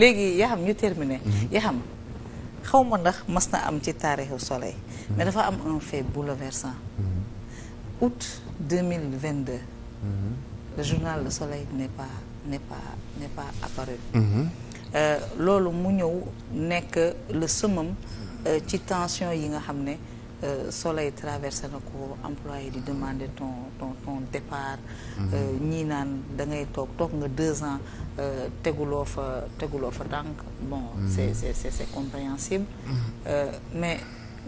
léegi yaa xam ñu terminer mhm. yaa xam xaw ma ndax mas na am ci taarixu soleil. mais dafa am un fait bouleversant. Mhm. août deux mille vingt deux. Mhm. le journal Le Soleil n'est pas n'est pas n'est pas apparu. Euh, loolu mu ñëw nekk le summum euh, ci tension yi nga xam ne. Euh, soleil traversé na ko employé di demander ton ton ton départ. Mhm. Euh, ñii naan da ngay toog toog nga deux ans euh, teguloo fa teguloo fa tànk bon. Mhm. c'est c'est c'est c'est compréhensible. Mhm. mais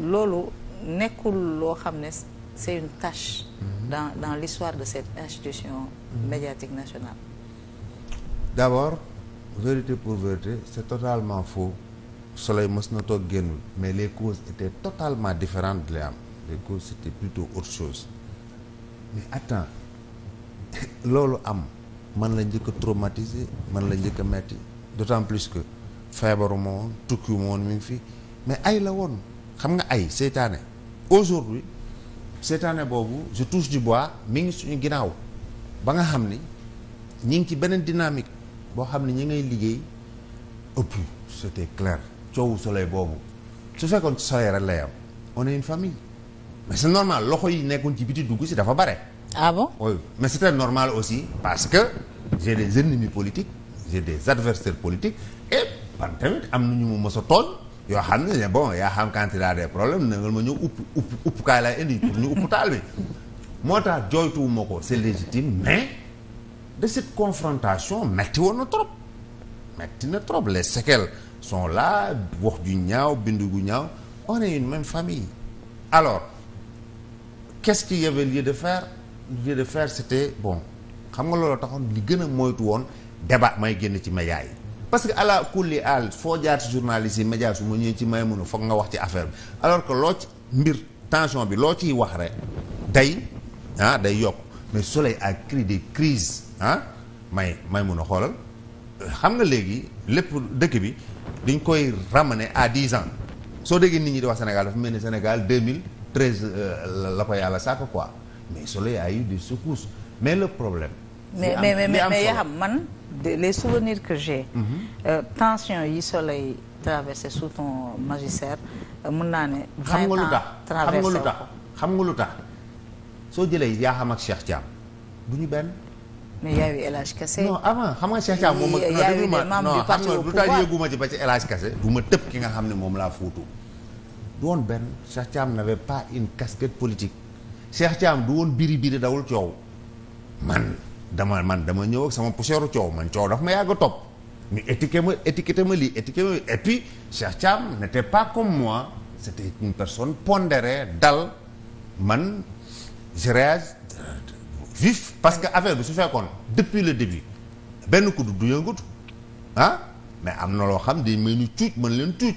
loolu nekkul loo xam ne c'est une tâche. dans dans l'histoire de cette institution. médiatique nationale. d'abord vérité pour vérité c'est totalement faux. soleil mos na toog génnul mais les causes étaient totalement différentes de la am les causes c'était plutôt autre chose mais attends loolu am man la njëkk a traumatisé man la njëkk a metti d'autant plus que feebaru ma woon tukkiwu ma woon mi ngi fi mais ay la woon xam nga ay seytaane aujourd'hui seytaane boobu je tous du bois mi ngi suñu ginnaaw ba nga xam ni ñi ngi ci beneen dynamique boo xam ni ñi ngay liggéey ëpp c'était clair coow soleil boobu su fekkoon ci rek la yam on est une famille mais c'est normal loxo yi nekkoon ci biti dugg si dafa bare. ah bon oui mais c'est très normal aussi parce que j'ai des ennemis politique j'ai des adversaires politiques et ban tamit am na ñu mu mos a yoo xam ne bon yaa xam quand il a des problèmes nangal ma ñëw upp upp uppukaay laay indi pour ñu upp taal bi moo tax jooytuwuma ko c'est légitime mais de cette confrontation metti woon na trop metti les son là wax ju ñaaw bind gu ñaaw on est une même famille alors kes ce qu'il y avait lieu de faire lieu de faire c'était bon xam nga loolu taxoon li gën a moytu woon débat may génn ci média yi parce que ala kulli al foo jaar ci journaliste yi média su ma ñëwee ci may mënu foog nga wax ci affaire bi alors que loo ci mbir tension bi loo ciy wax rek day ah day yokk mais Soleil ak créé des crises ah may may mun a xoolal xam nga léegi lépp dëkk bi dañ koy ramener à dix ans soo déggee nit ñi di wax Sénégal dafa mel ni Sénégal deux mille treize euh, la ko yàlla sàkk quoi mais soleil a eu des secousses mais le problème. mais mais mais mais yaa xam man les souvenirs que j'ai mm -hmm. euh, tension yi soleil traversé sous ton magistère euh, mun naa ne. xam nga lu tax xam nga lu tax xam nga lu tax soo jëlee yaa xam ak Cheikh Thiam du ñu benn. mais Yaayu El Hadj Kassé. non avant xam nga Cheikh Thiam moom ak. Yaayu ne membre e du parti au pouvoir non xam nga lu ci ba ci El Hadj Kassé. ma tëb ki nga xam ne moom laa fuutu. du woon benn Cheikh Thiam n'avait pas politique Cheikh Thiam du woon biri biri dawul coow man dama man dama ñëw ak sama poussière ma yàgg mais étiqueté ma étiqueté ma lii étiqueté ma et puis Cheikh Thiam n'était pas comme moi c'était une personne pondérée dal man je vif parce que affaire bi su fekkoon depuis le début benn kudd du yëngatu ah mais am na loo xam day may ni cuuc mën leen cuuc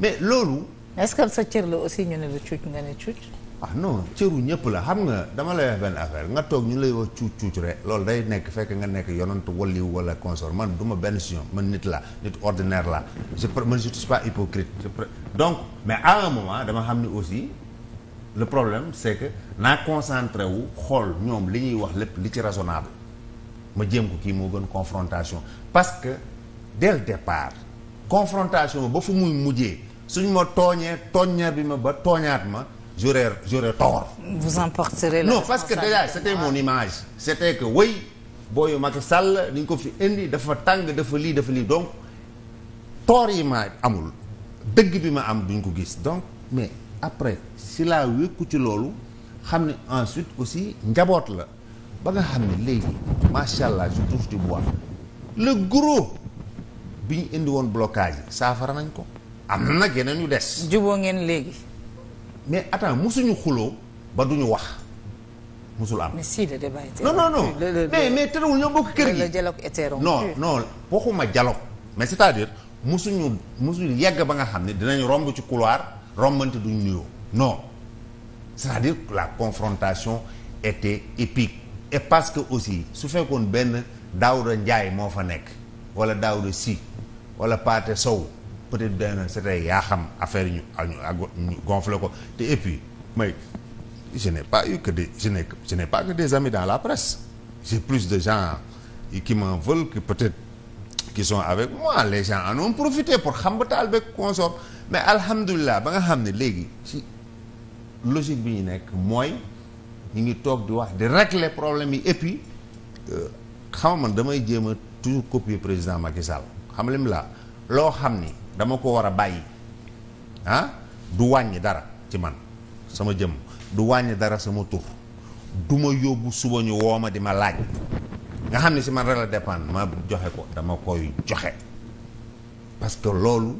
mais loolu. est-ce que sa cër la aussi ñu ne la cuuc nga ne cuuc. ah non cëru ñëpp la xam nga dama la wax benn affaire nga toog ñu lay wax cuuc cuuc rek loolu day nekk fekk nga nekk yonant walliw wala consort man du ma benn sion man nit la nit ordinaire la je man je pas hypocrite donc mais à dama xam ni aussi. le problème c'est que naa concentré wu xool ñoom li ñuy wax lépp li ci rasonable ma jéem ko kii moo gën confrontation parce que dès départ confrontation ba fu muy mujjee suñ ma tooñee tooññaar bi ma ba tooñaat ma j'aurais j'aurais tort. vous en porterez la non parce que déjà c'était mon image. c'était que wéy booyu Macky Sall ni ñu ko fi indi dafa tàng dafa lii dafa lii donc tort yi ma amul dëgg bi ma am duñ ko gis donc mais. après si laa wékku ci loolu xam ne ensuite aussi njaboot la ba nga xam ne léegi macha allah je trouve du bois le gros bi ñu indi woon blocage yi saafara nañ ko am na nag yeneen ñu des. juboo ngeen léegi. mais attends musuñu xuloo ba du ñu wax mosul am. mais si le débat était mais mais terewul ñoo bokk kër gi. le dialogue était rompu waxuma dialogue mais c'est-à-dire musuñu musuñu yegg ba nga xam ne dinañ romb ci couloir. rombante duñ nuyoo non c'est-à-dire la confrontation était épique et parce que aussi su fekkoon benn Daouda Ndiaye moo fa nekk wala Daouda si wala Pathé Sow peut-être benn c'était yaa xam affaire ñu ñu gonflé ko te et puis mais je n'ai pas eu que des je n'ai je pas que des amis dans la presse j'ai plus de gens qui m'en veulent que peut-être qui avec moi les gens en ont profité pour xambataal beeg consort mais alhamdulilah ba nga xam ne léegi ci logique bi ñu nekk mooy ñu ngi toog di wax di régler problème yi et puis euh, xam man damay jéem a toujours copier président Macky Sall xam lim laa loo xam ni dama ko war a bàyyi ah du wàññi dara ci man sama jëm du wàññi dara sama tur du ma yóbbu suba ñu woo ma di ma laaj. nga xam ne si ma rek la dépendre ma joxe ko dama koy joxe parce que loolu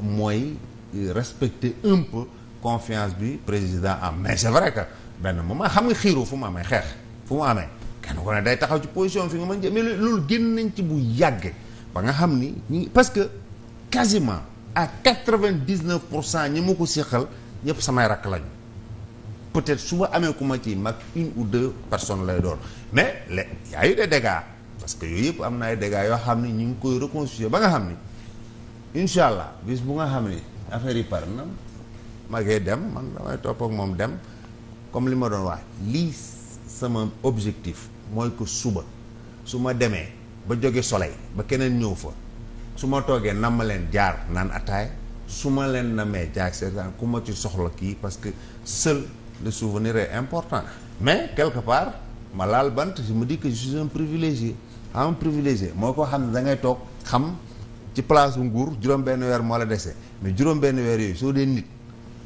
mooy respecter un peu confiance bi président am mais c'est vrai que benn moment xam nga xiiroo fu mu amee xeex fu mu amee kenn ko ne day taxaw ci position fi nga ma jë mais loolu génn nañ ci bu yàgg ba nga xam ni ñu parce que quasiment à quatre-vingt-dix-neuf pour cent ñi mu ko séqal ñëpp samay rakk lañu peut-être su ma amee ku ma ciy mag une ou deux personnes lay doon mais le y a eu des que yooyu yëpp am naay ay dégâts yoo xam ne ñu ngi koy reconstituer ba nga xam ni incha allah bis bu nga xam ni affaire yi par na magee dem man damay topp ak moom dem comme li ma doon wax lii sama objectif mooy que suba su ma demee ba jóge soleil ba keneen ñëw fa su ma toogee nam ma leen jaar naan ataay su ma leen namee jaag seetaan ku ma ci soxla kii parce que le souvenir est important mais quelque part ma laal bant je me dis que je suis un privilégié ah, un privilégié mooy koo xam ne da ngay toog xam ci place bu nguur juróom-benn weer moo la dese mais juróom-benn weer yooyu soo dee nit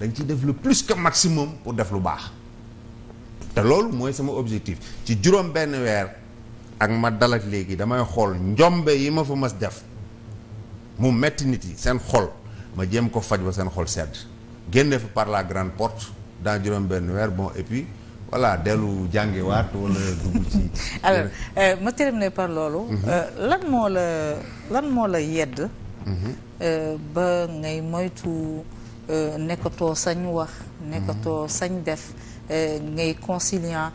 danga nga ciy def le plus que maximum pour def lu baax te loolu mooy sama objectif ci juróom-benn weer ak ma dalat léegi damay xool njombe yi ma fa mas def mu metti nit yi seen xool ma jëm ko faj ba seen xool sedd génne fi par la grande porte dans juróom-benn weer bon et puis voilà dellu jàngewaat wala dugg ci. Euh, ma terminer par loolu. Mhm. Euh, lan moo la yedd. Mhm. Euh, ba ngay moytu nekkatoo sañ wax. nekkatoo mhm. sañ def ngay conciliant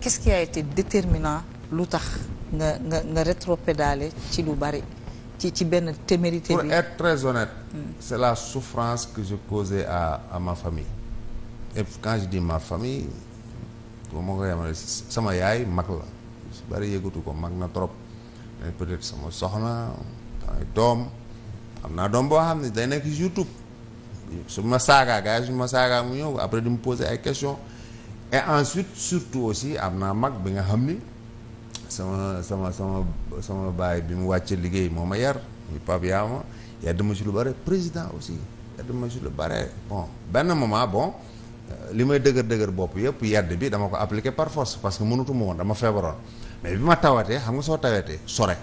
qu'est-ce qui a été déterminant lu tax nga nga nga ci lu bari. ci ci benn témérité bi pour être très honnête. Mm. c'est la souffrance que je causais à à ma famille. et quand je dis ma famille boo ma ko yemale sama yaay mag la su bari yëgatu ko mag na trop mais peut-être sama soxna samay doom am naa doom boo xam ne day nekk YouTube su ma saagaa gars yi su ma saagaa mu ñëw après di mu poser ay questions et ensuite surtout aussi am naa mag bi nga xam ni sama sama sama sama baay bi mu wàccee liggéey moo ma yar muy Pape Yaama yedd ma si lu bare président aussi yedd ma si lu bare bon benn moment bon li may dëgër dëgër bopp yëpp yedd bi dama ko appliqué par force parce que mënutuma woon dama feebaroon mais bi ma tawatee xam nga soo tawatee sore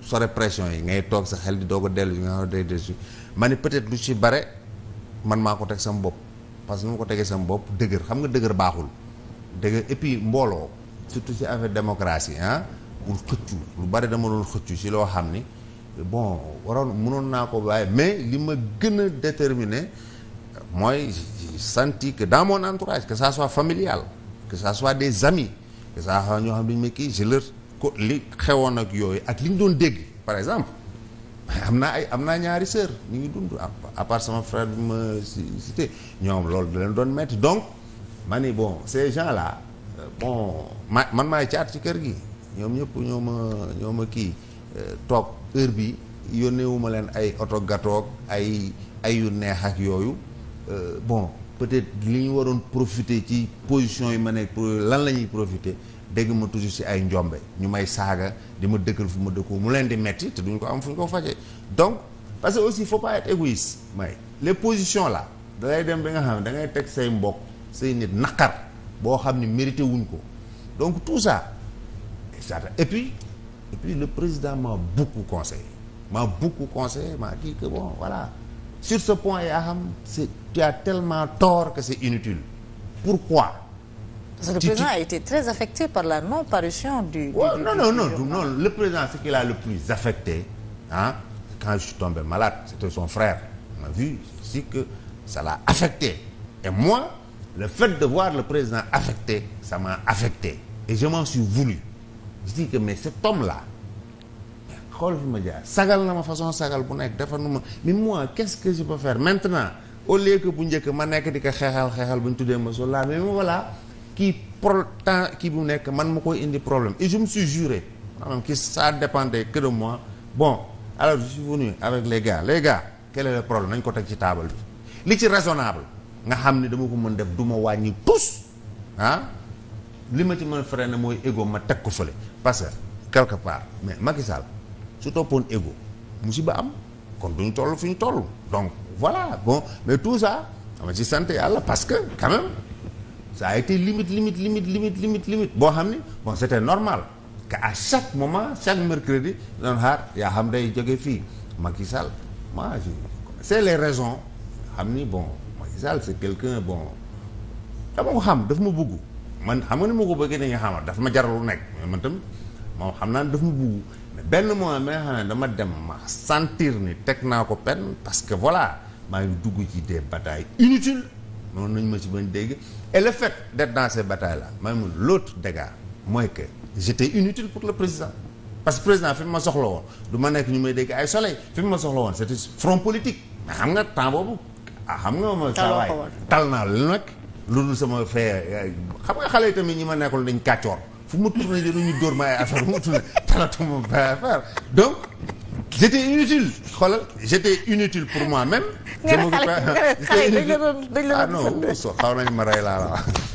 sore pression yi ngay toog sa xel di doog ko dellu yi nga day de ma ni peut-être lu si bare man maa ko teg sama bopp parce que nu ma ko tegee sama bopp dëgër xam nga dëgër baaxul dëgër et mbooloo surtout ci affaire démocratie ah bul xëccu lu bare dama doon xëccu si loo xam ni bon waroon mënoon naa ko waaye mais li ma gën a déterminé mooy j'ai senti que dans mon entourage que ça soit familial que ça soit des amis que ça soit ñoo xam ne mais kii je leur ko li xewoon ak yooyu ak li ñu doon dégg par exemple am naa ay am naa ñaari sœur ñu ngi dund à part sama frère bi ma cité ñoom loolu da doon metti donc ma ni bon ces gens là euh, bon ma man maay caat ci kër gi ñoom ñëpp ñoo ma ñoo ma kii euh, toog heure bi yónneewuma leen ay oto gatoog ay ay yu neex ak yooyu euh, bon peut-être li ñu waroon profiter ci position yi ma nekk pour lan la ñuy profiter dégg ma toujours ci ay njombe ñu may saaga di ma dëkkal fu ma dëkkoo mu leen di metti te duñ ko am fu ñu ko fajee donc parce que aussi il faut pas être égoïste may les positions là da ngay dem ba nga xam ne da ngay teg say mbokk say nit naqar boo xam ne mérité wuñ ko donc tout ça et puis et puis le président m'a beaucoup conseillé m'a beaucoup conseillé m'a dit bon voilà sur ce point ya xam c'est tu as tellement tort que c'est inutile pourquoi. parce que le président a été très affecté par la non parution du. non le président ce qu'il a le plus affecté quand je suis tombé malade c'était son frère on a vu si que ça l'a affecté et moi le fait de voir le président affecté ça m'a affecté et je m'en suis voulu je dis que mais cet homme-là xool fi ma jaar sagal na ma façon sagal bu nekk dafa nu ma mais moi qu'est-ce que je peux faire maintenant au lieu bu njëkk ma nekk di ko xeexal xeexal bu ñu tuddee ma sola mais voilà kii pro temps kii bu nekk man ma koy indi problème et je me suis juré ça dépendait que de bon alors je suis venu avec les nañ ko teg ci table bi li ci raisonnable nga xam ne dama ko mën def du ma wàññi tous ah li ma ci mën freiné mooy égo ma teg ko fële parce que quelque part mais Macky Sall su toppoon ego ba am kon duñu toll fi ñu toll donc voilà bon mais tout ça dama si sant yàlla parce que quand même ça a été limite limite limite limite limite boo xam ni bon c'était normal que à chaque moment chaque mercredi doon xaar yaa xam day jóge fii Macky Sall moi je c'est les raisons xam ni bon Macky Sall c'est quelqu'un bon dama ko xam daf ma bëgg man xam nga ni ma ko bëggee ni nga xamal daf ma jaral lu nekk mais man tamit moom xam naa ne daf benn moment mi xam ne dama dem ma sentir ni teg naa ko pen parce que voilà maa ngi dugg ci des batailles inutiles noonu nañu ma si bañ dégg et le fait d'être dans ces ma mun l'autre dégât mooy que j'étais inutile pour le président parce que président fi ma soxla woon du ma nekk ñu may dégg ay soleil fi ma soxla woon c'était front politique mais xam nga temps boobu ah xam nga ma saa waay tal naa lu nekk lu dul sama fee xam nga xale yi tamit ñi ma nekkul dañ kàccoor fu ma tourné dañuy dóor ma ay affaire fu ma tourné talatuma ba ay affaire donc j'étais inutile xoolal inutile pour moi-même. je m'occupais ah non so xaw nañ ma rey laa la